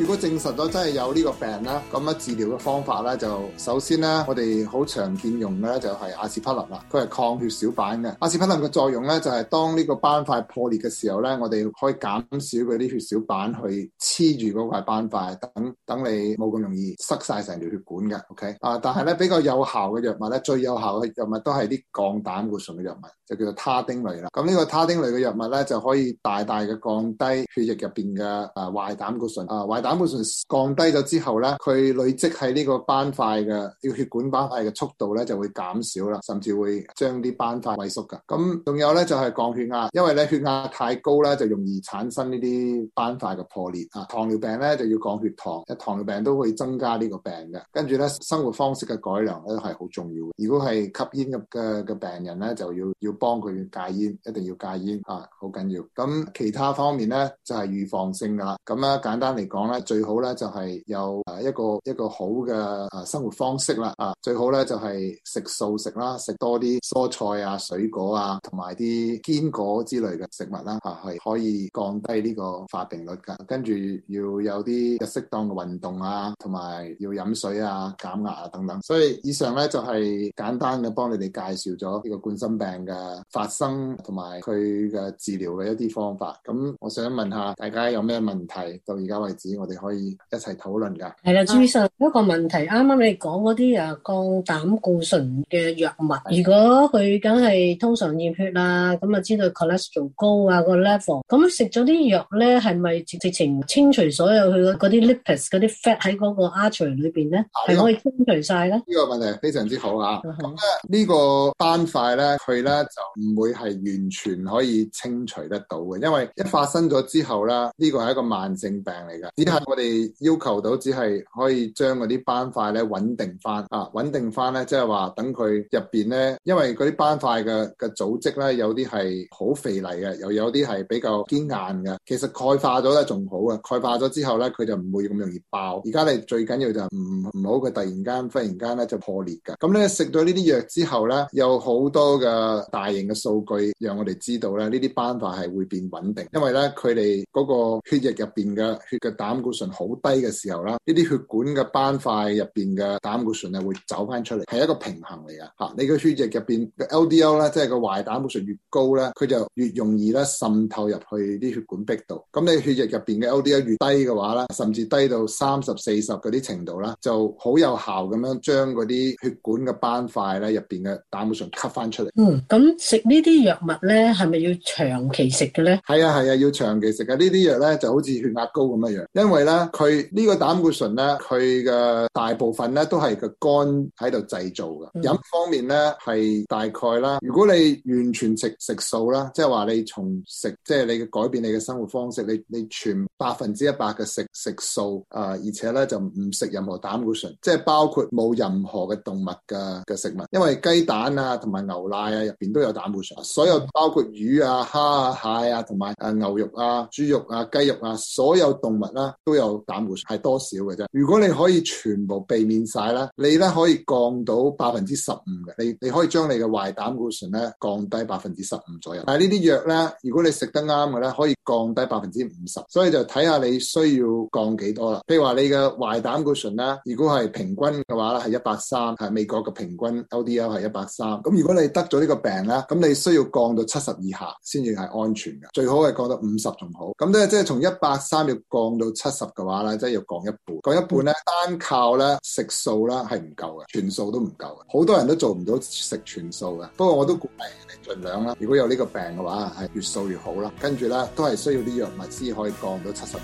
如果證實咗真係有呢個病啦，咁啊治療嘅方法咧就首先咧，我哋好常見用嘅咧就係阿士匹林啦，佢係抗血小板嘅。阿士匹林嘅作用咧就係、是、當呢個斑塊破裂嘅時候咧，我哋可以減少佢啲血小板去黐住嗰塊斑塊，等等你冇咁容易塞晒成條血管嘅。OK 啊，但係咧比較有效嘅藥物咧，最有效嘅藥物都係啲降膽固醇嘅藥物，就叫做他汀類啦。咁、嗯、呢、這個他汀類嘅藥物咧就可以大大嘅降低血液入邊嘅誒壞膽固醇啊、呃，壞膽膽固醇降低咗之後咧，佢累積喺呢個斑塊嘅，要血管斑塊嘅速度咧就會減少啦，甚至會將啲斑塊萎縮噶。咁仲有咧就係降血壓，因為咧血壓太高咧就容易產生呢啲斑塊嘅破裂啊。糖尿病咧就要降血糖，糖尿病都會增加呢個病嘅。跟住咧生活方式嘅改良咧都係好重要。如果係吸煙嘅嘅病人咧，就要要幫佢戒煙，一定要戒煙啊，好緊要。咁其他方面咧就係預防性噶啦。咁咧簡單嚟講咧。最好咧就係有一個一個好嘅生活方式啦，啊最好咧就係食素食啦，食多啲蔬菜啊、水果啊，同埋啲堅果之類嘅食物啦，係、啊、可以降低呢個發病率㗎。啊、跟住要有啲適當嘅運動啊，同埋要飲水啊、減壓啊等等。所以以上咧就係、是、簡單嘅幫你哋介紹咗呢個冠心病嘅發生同埋佢嘅治療嘅一啲方法。咁我想問下大家有咩問題？到而家為止我。你可以一齊討論㗎。係啦，朱醫生一個問題，啱啱、啊、你講嗰啲誒降膽固醇嘅藥物，如果佢梗係通常驗血啦，咁啊知道 cholesterol 高啊、個 level，咁食咗啲藥咧，係咪直情清除所有佢嗰啲 lipids 嗰啲 fat 喺嗰個 artery 裏面咧？係、啊呢個、可以清除晒咧？呢個問題非常之好啊。啊個單呢個斑塊咧，佢咧就唔會係完全可以清除得到嘅，因為一發生咗之後啦，呢、呢個係一個慢性病嚟㗎，只係我哋要求到只係可以將嗰啲斑塊咧穩定翻啊，穩定翻咧即係話等佢入邊咧，因為嗰啲斑塊嘅嘅組織咧有啲係好肥膩嘅，又有啲係比較堅硬嘅。其實鈣化咗咧仲好啊，鈣化咗之後咧佢就唔會咁容易爆。而家你最緊要就唔唔好佢突然間、忽然間咧就破裂噶。咁咧食到呢啲藥之後咧，有好多嘅大型嘅數據讓我哋知道咧呢啲斑塊係會變穩定，因為咧佢哋嗰個血液入邊嘅血嘅膽固醇。好低嘅時候啦，呢啲血管嘅斑塊入邊嘅膽固醇啊，會走翻出嚟，係一個平衡嚟噶。吓、啊，你個血液入邊嘅 LDL 咧，即係個壞膽固醇越高咧，佢就越容易咧滲透入去啲血管壁度。咁你血液入邊嘅 LDL 越低嘅話咧，甚至低到三十四十嗰啲程度咧，就好有效咁樣將嗰啲血管嘅斑塊咧入邊嘅膽固醇吸翻出嚟。嗯，咁食呢啲藥物咧，係咪要長期食嘅咧？係啊係啊，要長期食嘅。呢啲藥咧就好似血壓高咁樣樣，因為。係啦，佢呢個膽固醇咧，佢嘅大部分咧都係個肝喺度製造嘅。飲方面咧係大概啦，如果你完全你食食素啦，即係話你從食即係你改變你嘅生活方式，你你全百分之一百嘅食食素啊，而且咧就唔食任何膽固醇，即係包括冇任何嘅動物嘅嘅食物，因為雞蛋啊同埋牛奶啊入邊都有膽固醇，所有包括魚啊蝦啊蟹啊同埋啊牛肉啊豬肉啊雞肉啊，肉啊所有動物啦、啊。都有膽固醇係多少嘅啫？如果你可以全部避免晒啦，你呢可以降到百分之十五嘅，你你可以將你嘅壞膽固醇呢降低百分之十五左右。但係呢啲藥呢，如果你食得啱嘅呢，可以降低百分之五十。所以就睇下你需要降幾多啦。譬如話你嘅壞膽固醇呢，如果係平均嘅話呢係一百三，係美國嘅平均 LDL 係一百三。咁如果你得咗呢個病呢，咁你需要降到七十以下先至係安全嘅。最好係降到五十仲好。咁咧即係從一百三要降到七。十嘅話咧，即係要降一半，降一半咧，單靠咧食素啦係唔夠嘅，全素都唔夠嘅，好多人都做唔到食全素嘅。不過我都鼓勵你盡量啦，如果有呢個病嘅話，係越素越好啦。跟住咧，都係需要啲藥物先可以降到七十。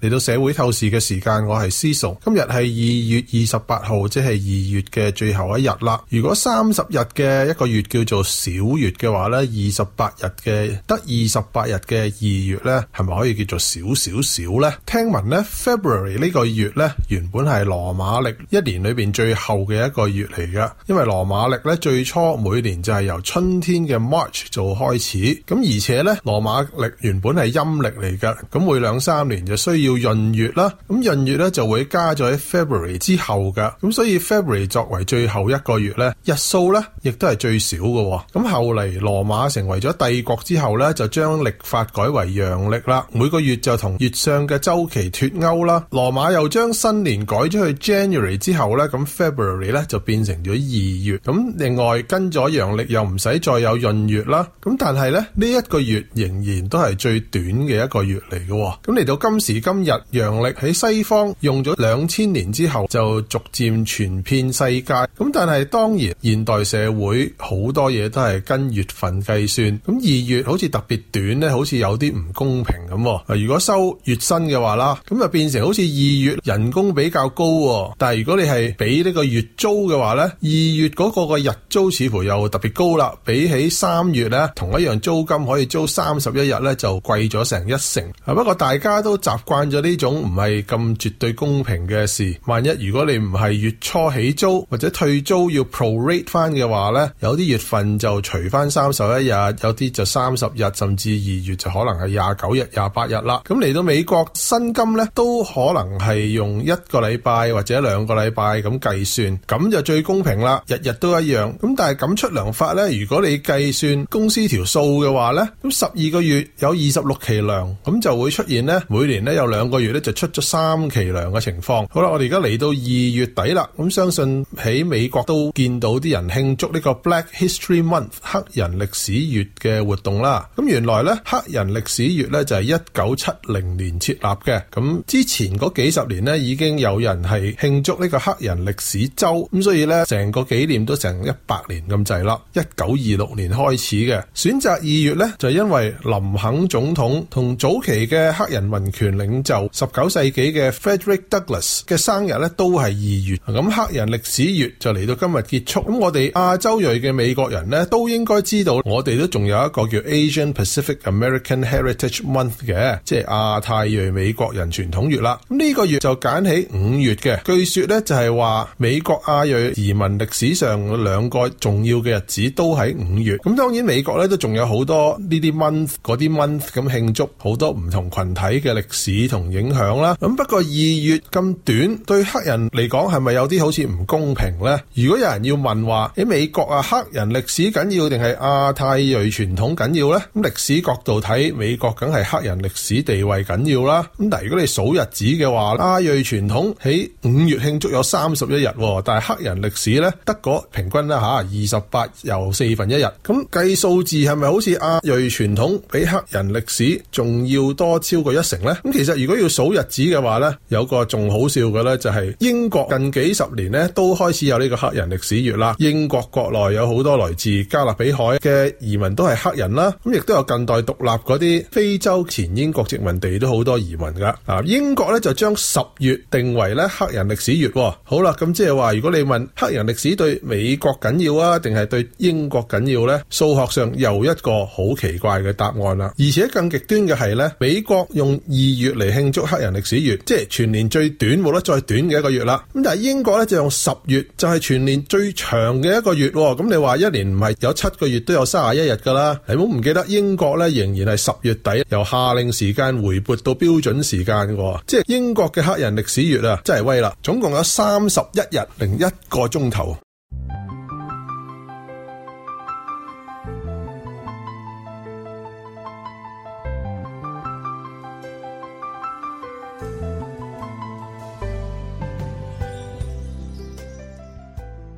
嚟到社會透視嘅時間，我係思慫。今日係二月二十八號，即係二月嘅最後一日啦。如果三十日嘅一個月叫做小月嘅話呢，二十八日嘅得二十八日嘅二月呢，係咪可以叫做小小小呢？聽聞呢 February 呢個月呢，原本係羅馬曆一年裏邊最後嘅一個月嚟噶，因為羅馬曆呢，最初每年就係由春天嘅 March 做開始，咁而且呢，羅馬曆原本係陰曆嚟噶，咁每兩三年就需要。叫閏月啦，咁閏月咧就會加咗喺 February 之後噶，咁所以 February 作為最後一個月咧，日數咧亦都係最少嘅，咁後嚟羅馬成為咗帝國之後咧，就將曆法改為陽曆啦，每個月就同月相嘅週期脫鈎啦，羅馬又將新年改咗去 January 之後咧，咁 February 咧就變成咗二月，咁另外跟咗陽曆又唔使再有閏月啦，咁但係咧呢一個月仍然都係最短嘅一個月嚟嘅，咁嚟到今時今。今日陽曆喺西方用咗兩千年之後，就逐漸傳遍世界。咁但係當然，現代社會好多嘢都係跟月份計算。咁二月好似特別短咧，好似有啲唔公平咁。如果收月薪嘅話啦，咁就變成好似二月人工比較高。但係如果你係畀呢個月租嘅話呢，二月嗰個個日租似乎又特別高啦。比起三月呢，同一樣租金可以租三十一日呢，就貴咗成一成。不過大家都習慣咗呢種唔係咁絕對公平嘅事。萬一如果你唔係月初起租或者退租要 pro-rate 翻嘅話呢，有啲月份就除翻三十一日，有啲就三十日，甚至二月就可能係廿九日、廿八日啦。咁嚟到美國薪金呢都可能係用一個禮拜或者兩個禮拜咁計算，咁就最公平啦，日日都一樣。咁但係咁出糧法呢，如果你計算公司條數嘅話呢，咁十二個月有二十六期糧，咁就會出現呢，每年呢有兩兩個月咧就出咗三期糧嘅情況。好啦，我哋而家嚟到二月底啦，咁相信喺美國都見到啲人慶祝呢個 Black History Month 黑人歷史月嘅活動啦。咁原來呢，黑人歷史月呢就係一九七零年設立嘅。咁之前嗰幾十年呢，已經有人係慶祝呢個黑人歷史週，咁所以呢，成個紀念都成一百年咁滯啦。一九二六年開始嘅，選擇二月呢就係因為林肯總統同早期嘅黑人民權領就十九世紀嘅 Frederick Douglass 嘅生日咧，都係二月，咁、嗯、黑人歷史月就嚟到今日結束。咁我哋亞洲裔嘅美國人咧，都應該知道，我哋都仲有一個叫 Asian Pacific American Heritage Month 嘅，即係亞太裔美國人傳統月啦。咁呢個月就揀起五月嘅，據說咧就係、是、話美國亞裔移民歷史上兩個重要嘅日子都喺五月。咁當然美國咧都仲有好多呢啲 month 嗰啲 month 咁慶祝好多唔同群體嘅歷史。影響啦，咁不過二月咁短，對黑人嚟講係咪有啲好似唔公平呢？如果有人要問話，喺美國啊，黑人歷史緊要定係亞太裔傳統緊要呢？咁歷史角度睇，美國梗係黑人歷史地位緊要啦。咁但如果你數日子嘅話，亞裔傳統喺五月慶祝有三十一日，但係黑人歷史呢，得嗰平均啦吓二十八，又四分一日。咁計數字係咪好似亞裔傳統比黑人歷史仲要多超過一成呢？咁其實如果要數日子嘅話呢，有個仲好笑嘅，呢，就係英國近幾十年呢都開始有呢個黑人歷史月啦。英國國內有好多來自加勒比海嘅移民都係黑人啦，咁亦都有近代獨立嗰啲非洲前英國殖民地都好多移民噶。啊，英國呢就將十月定為咧黑人歷史月喎。好啦，咁即係話，如果你問黑人歷史對美國緊要啊，定係對英國緊要呢？數學上又一個好奇怪嘅答案啦。而且更極端嘅係呢，美國用二月嚟，慶祝黑人歷史月，即係全年最短冇得再短嘅一個月啦。咁但係英國咧就用十月，就係全年最長嘅一個月。咁你話一年唔係有七個月都有卅一日噶啦？你唔好唔記得英國咧仍然係十月底由夏令時間回撥到標準時間嘅。即係英國嘅黑人歷史月啊，真係威啦！總共有三十一日零一個鐘頭。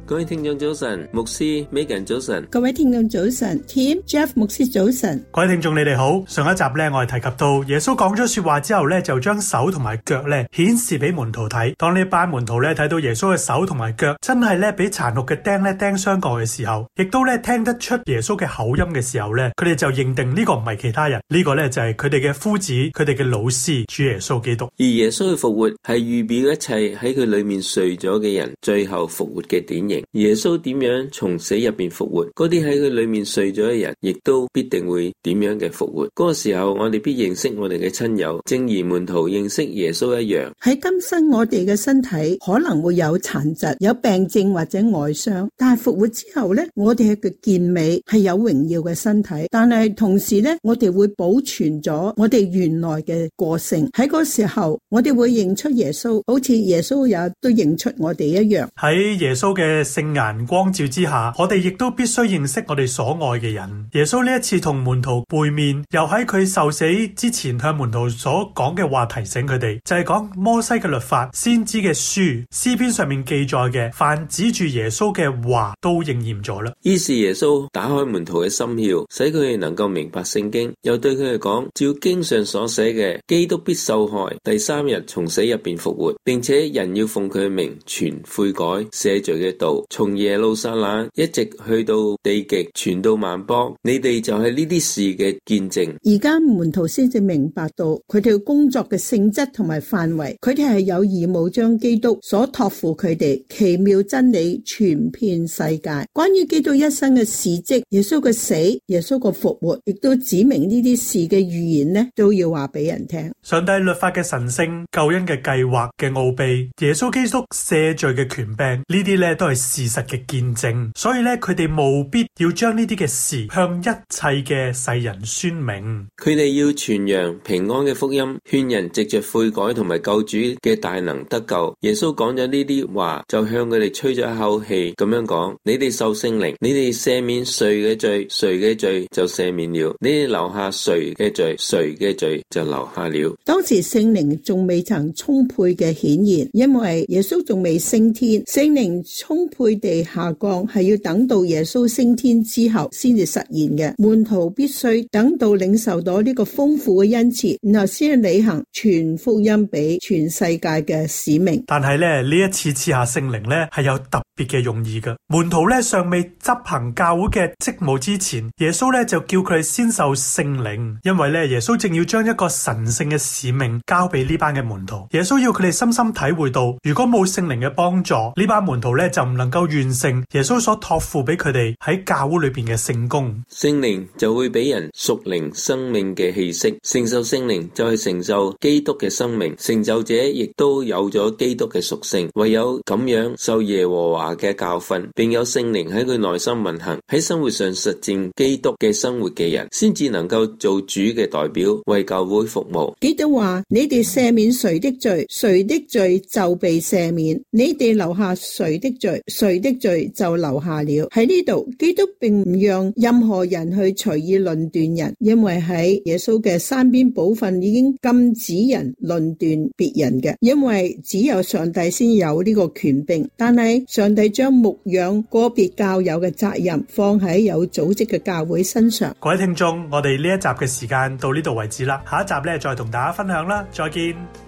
各位聽眾早晨，牧師 Megan 早晨，各位聽眾早晨，Tim、Jeff 牧師早晨，各位聽眾你哋好。上一集咧，我哋提及到耶穌講咗說話之後咧，就將手同埋腳咧顯示俾門徒睇。當呢班門徒咧睇到耶穌嘅手同埋腳真係咧俾殘酷嘅釘咧釘傷過嘅時候，亦都咧聽得出耶穌嘅口音嘅時候咧，佢哋就認定呢個唔係其他人，這個、呢個咧就係佢哋嘅夫子，佢哋嘅老師，主耶穌基督。而耶穌嘅復活係預表一切喺佢裏面睡咗嘅人最後復活嘅典型。耶穌點樣從死入面復活？嗰啲喺佢裏面睡咗嘅人，亦都必定會點樣嘅復活？嗰個時候，我哋必認識我哋嘅親友、正如門徒，認識耶穌一樣。喺今生我哋嘅身體可能會有殘疾、有病症或者外傷，但係復活之後呢，我哋嘅健美，係有榮耀嘅身體。但係同時呢，我哋會保存咗我哋原來嘅個性。喺嗰個時候，我哋會認出耶穌，好似耶穌也都認出我哋一樣。喺耶穌嘅。聖顏光照之下，我哋亦都必須認識我哋所愛嘅人。耶穌呢一次同門徒會面，又喺佢受死之前向門徒所講嘅話，提醒佢哋，就係講摩西嘅律法、先知嘅書、詩篇上面記載嘅，凡指住耶穌嘅話都應驗咗啦。於是耶穌打開門徒嘅心竅，使佢哋能夠明白聖經，又對佢哋講：照經上所寫嘅，基督必受害，第三日從死入邊復活，並且人要奉佢嘅名傳悔改、赦罪嘅道。從耶路撒冷一直去到地極，傳到萬邦，你哋就係呢啲事嘅見證。而家門徒先至明白到佢哋工作嘅性質同埋範圍，佢哋係有義務將基督所託付佢哋奇妙真理傳遍世界。關於基督一生嘅事蹟，耶穌嘅死，耶穌嘅復活，亦都指明呢啲事嘅預言呢，都要話俾人聽。上帝律法嘅神聖、救恩嘅計劃嘅奧秘、耶穌基督赦罪嘅權柄，呢啲咧都係事實嘅見證。所以咧，佢哋務必要將呢啲嘅事向一切嘅世人宣明。佢哋要傳揚平安嘅福音，勸人藉着悔改同埋救主嘅大能得救。耶穌講咗呢啲話，就向佢哋吹咗一口氣咁樣講：你哋受聖靈，你哋赦免誰嘅罪，誰嘅罪就赦免了；你哋留下誰嘅罪，誰嘅罪就留下了。當時聖靈仲未曾充沛嘅顯現，因為耶穌仲未升天，聖靈充沛地下降係要等到耶穌升天之後先至實現嘅。門徒必須等到領受到呢個豐富嘅恩賜，然後先去履行全福音俾全世界嘅使命。但係咧呢一次賜下聖靈咧係有特別嘅用意嘅，門徒咧尚未執行教會嘅職務之前，耶穌咧就叫佢哋先受聖靈，因為咧耶穌正要將一個神聖嘅。使命交俾呢班嘅門徒，耶穌要佢哋深深體會到，如果冇聖靈嘅幫助，呢班門徒咧就唔能夠完成耶穌所託付俾佢哋喺教會裏邊嘅聖工。聖靈就會俾人屬靈生命嘅氣息，承受聖靈就係承受基督嘅生命，成就者亦都有咗基督嘅屬性。唯有咁樣受耶和華嘅教訓，並有聖靈喺佢內心運行，喺生活上實踐基督嘅生活嘅人，先至能夠做主嘅代表，為教會服務。結都話你哋赦免誰的罪，誰的罪就被赦免；你哋留下誰的罪，誰的罪就留下了。喺呢度，基督並唔讓任何人去隨意論斷人，因為喺耶穌嘅山邊寶訓已經禁止人論斷別人嘅。因為只有上帝先有呢個權柄，但係上帝將牧養個別教友嘅責任放喺有組織嘅教會身上。各位聽眾，我哋呢一集嘅時間到呢度為止啦，下一集咧再同大家分享啦，再見。